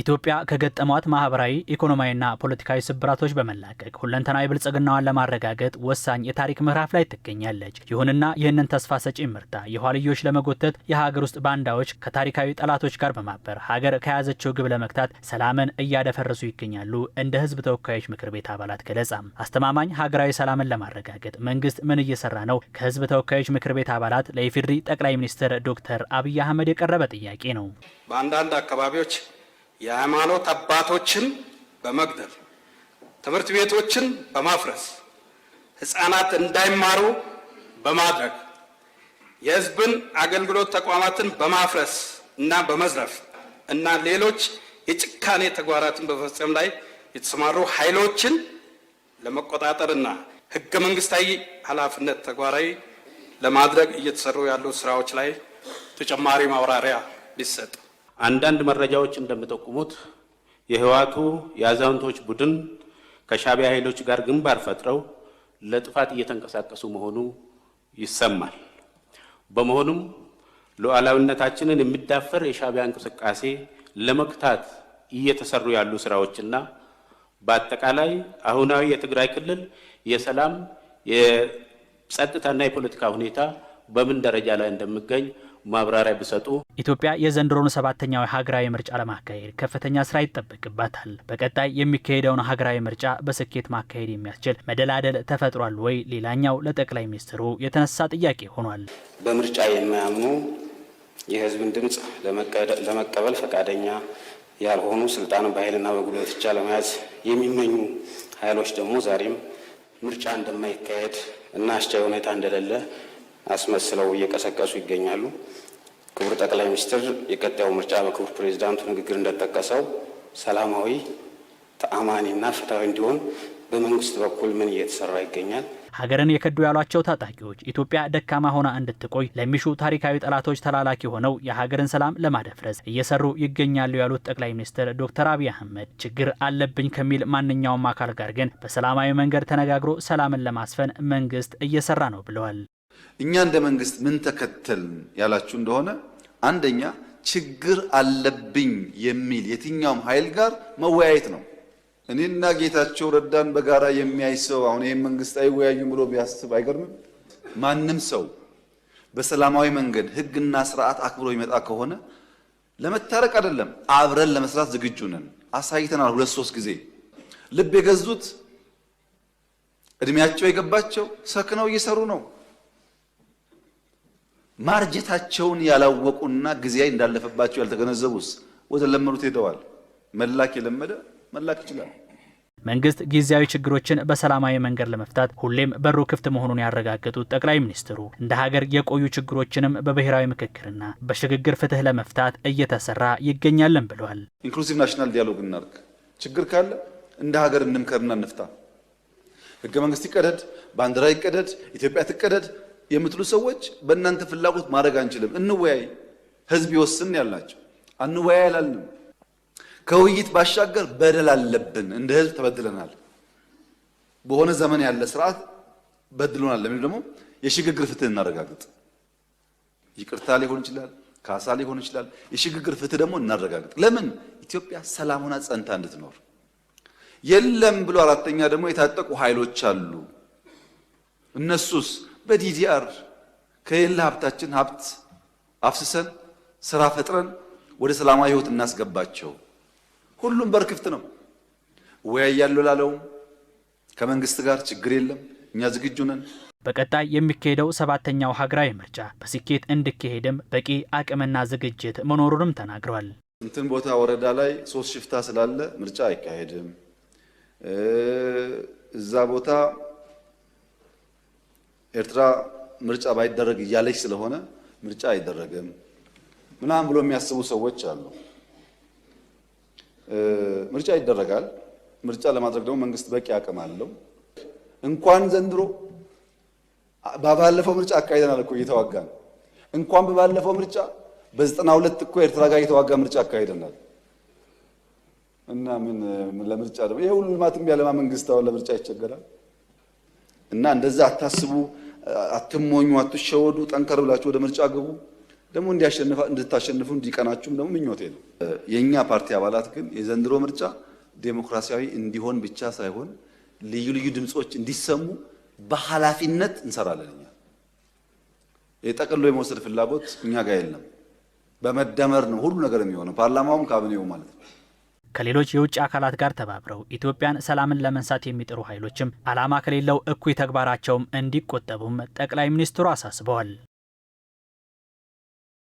ኢትዮጵያ ከገጠሟት ማህበራዊ ኢኮኖሚያዊና ፖለቲካዊ ስብራቶች በመላቀቅ ሁለንተናዊ ብልጽግናዋን ለማረጋገጥ ወሳኝ የታሪክ ምዕራፍ ላይ ትገኛለች። ይሁንና ይህንን ተስፋ ሰጪ ምርታ የኋልዮች ለመጎተት የሀገር ውስጥ ባንዳዎች ከታሪካዊ ጠላቶች ጋር በማበር ሀገር ከያዘችው ግብ ለመግታት ሰላምን እያደፈረሱ ይገኛሉ። እንደ ህዝብ ተወካዮች ምክር ቤት አባላት ገለጻ አስተማማኝ ሀገራዊ ሰላምን ለማረጋገጥ መንግስት ምን እየሰራ ነው? ከህዝብ ተወካዮች ምክር ቤት አባላት ለኢፌዴሪ ጠቅላይ ሚኒስትር ዶክተር አብይ አህመድ የቀረበ ጥያቄ ነው። በአንዳንድ አካባቢዎች የሃይማኖት አባቶችን በመግደል ትምህርት ቤቶችን በማፍረስ ህፃናት እንዳይማሩ በማድረግ የህዝብን አገልግሎት ተቋማትን በማፍረስ እና በመዝረፍ እና ሌሎች የጭካኔ ተግባራትን በመፈጸም ላይ የተሰማሩ ኃይሎችን ለመቆጣጠርና ህገ መንግስታዊ ኃላፊነት ተግባራዊ ለማድረግ እየተሰሩ ያሉ ስራዎች ላይ ተጨማሪ ማብራሪያ ሊሰጥ አንዳንድ መረጃዎች እንደሚጠቁሙት የህዋቱ የአዛውንቶች ቡድን ከሻቢያ ኃይሎች ጋር ግንባር ፈጥረው ለጥፋት እየተንቀሳቀሱ መሆኑ ይሰማል። በመሆኑም ሉዓላዊነታችንን የሚዳፈር የሻቢያ እንቅስቃሴ ለመክታት እየተሰሩ ያሉ ስራዎችና በአጠቃላይ አሁናዊ የትግራይ ክልል የሰላም የጸጥታና የፖለቲካ ሁኔታ በምን ደረጃ ላይ እንደሚገኝ ማብራሪያ ቢሰጡ። ኢትዮጵያ የዘንድሮን ሰባተኛው ሀገራዊ ምርጫ ለማካሄድ ከፍተኛ ስራ ይጠበቅባታል። በቀጣይ የሚካሄደውን ሀገራዊ ምርጫ በስኬት ማካሄድ የሚያስችል መደላደል ተፈጥሯል ወይ? ሌላኛው ለጠቅላይ ሚኒስትሩ የተነሳ ጥያቄ ሆኗል። በምርጫ የማያምኑ የህዝብን ድምፅ ለመቀበል ፈቃደኛ ያልሆኑ ስልጣን በኃይልና በጉልበት ብቻ ለመያዝ የሚመኙ ኃይሎች ደግሞ ዛሬም ምርጫ እንደማይካሄድ እና አስቻይ ሁኔታ እንደሌለ አስመስለው እየቀሰቀሱ ይገኛሉ። ክቡር ጠቅላይ ሚኒስትር የቀጣዩ ምርጫ በክቡር ፕሬዚዳንቱ ንግግር እንደጠቀሰው ሰላማዊ ተአማኒና ፍትሐዊ እንዲሆን በመንግስት በኩል ምን እየተሰራ ይገኛል? ሀገርን የከዱ ያሏቸው ታጣቂዎች ኢትዮጵያ ደካማ ሆና እንድትቆይ ለሚሹ ታሪካዊ ጠላቶች ተላላኪ ሆነው የሀገርን ሰላም ለማደፍረስ እየሰሩ ይገኛሉ ያሉት ጠቅላይ ሚኒስትር ዶክተር አብይ አህመድ ችግር አለብኝ ከሚል ማንኛውም አካል ጋር ግን በሰላማዊ መንገድ ተነጋግሮ ሰላምን ለማስፈን መንግስት እየሰራ ነው ብለዋል። እኛ እንደ መንግስት ምን ተከተልን ያላችሁ እንደሆነ አንደኛ ችግር አለብኝ የሚል የትኛውም ኃይል ጋር መወያየት ነው። እኔና ጌታቸው ረዳን በጋራ የሚያይ ሰው አሁን ይህም መንግስት አይወያዩም ብሎ ቢያስብ አይገርምም። ማንም ሰው በሰላማዊ መንገድ ህግና ስርዓት አክብሮ ይመጣ ከሆነ ለመታረቅ አይደለም አብረን ለመስራት ዝግጁ ነን። አሳይተናል ሁለት ሶስት ጊዜ። ልብ የገዙት እድሜያቸው የገባቸው ሰክነው እየሰሩ ነው። ማርጀታቸውን ያላወቁና ጊዜ እንዳለፈባቸው ያልተገነዘቡስ ወደ ለመዱት ሄደዋል። መላክ የለመደ መላክ ይችላል። መንግስት ጊዜያዊ ችግሮችን በሰላማዊ መንገድ ለመፍታት ሁሌም በሩ ክፍት መሆኑን ያረጋገጡት ጠቅላይ ሚኒስትሩ እንደ ሀገር የቆዩ ችግሮችንም በብሔራዊ ምክክርና በሽግግር ፍትህ ለመፍታት እየተሰራ ይገኛለን ብለዋል። ኢንክሉሲቭ ናሽናል ዲያሎግ እናርግ። ችግር ካለ እንደ ሀገር እንምከርና እንፍታ። ህገ መንግስት ይቀደድ፣ ባንዲራ ይቀደድ፣ ኢትዮጵያ ትቀደድ የምትሉ ሰዎች በእናንተ ፍላጎት ማድረግ አንችልም፣ እንወያይ፣ ህዝብ ይወስን ያላቸው አንወያይ አላልንም። ከውይይት ባሻገር በደል አለብን፣ እንደ ህዝብ ተበድለናል፣ በሆነ ዘመን ያለ ስርዓት በድሎናል ለሚሉ ደግሞ የሽግግር ፍትህ እናረጋግጥ። ይቅርታ ሊሆን ይችላል፣ ካሳ ሊሆን ይችላል። የሽግግር ፍትህ ደግሞ እናረጋግጥ። ለምን ኢትዮጵያ ሰላም ሆና ጸንታ እንድትኖር የለም ብሎ አራተኛ ደግሞ የታጠቁ ኃይሎች አሉ እነሱስ በዲዲአር ከሌለ ሀብታችን ሀብት አፍስሰን ስራ ፈጥረን ወደ ሰላማዊ ህይወት እናስገባቸው። ሁሉም በር ክፍት ነው። እወያያለሁ ላለውም ከመንግስት ጋር ችግር የለም። እኛ ዝግጁ ነን። በቀጣይ የሚካሄደው ሰባተኛው ሀገራዊ ምርጫ በስኬት እንዲካሄድም በቂ አቅምና ዝግጅት መኖሩንም ተናግሯል። እንትን ቦታ ወረዳ ላይ ሶስት ሽፍታ ስላለ ምርጫ አይካሄድም እዛ ቦታ ኤርትራ ምርጫ ባይደረግ እያለች ስለሆነ ምርጫ አይደረግም ምናምን ብሎ የሚያስቡ ሰዎች አሉ። ምርጫ ይደረጋል። ምርጫ ለማድረግ ደግሞ መንግስት በቂ አቅም አለው። እንኳን ዘንድሮ በባለፈው ምርጫ አካሂደናል እኮ እየተዋጋን እንኳን በባለፈው ምርጫ በዘጠና ሁለት እኮ ኤርትራ ጋር እየተዋጋ ምርጫ አካሂደናል። እና ምን ለምርጫ ደግሞ ይሄ ሁሉ ልማት ያለማ መንግስት አሁን ለምርጫ ይቸገራል። እና እንደዛ አታስቡ፣ አትሞኙ፣ አትሸወዱ፣ ጠንከር ብላችሁ ወደ ምርጫ ግቡ። ደግሞ እንድታሸንፉ እንዲቀናችሁም ደግሞ ምኞቴ ነው። የእኛ ፓርቲ አባላት ግን የዘንድሮ ምርጫ ዴሞክራሲያዊ እንዲሆን ብቻ ሳይሆን ልዩ ልዩ ድምፆች እንዲሰሙ በኃላፊነት እንሰራለን። እኛ የጠቅሎ የመውሰድ ፍላጎት እኛ ጋር የለም። በመደመር ነው ሁሉ ነገር የሚሆነው ፓርላማውም ካቢኔው ማለት ነው። ከሌሎች የውጭ አካላት ጋር ተባብረው ኢትዮጵያን ሰላምን ለመንሳት የሚጥሩ ኃይሎችም ዓላማ ከሌለው እኩይ ተግባራቸውም እንዲቆጠቡም ጠቅላይ ሚኒስትሩ አሳስበዋል።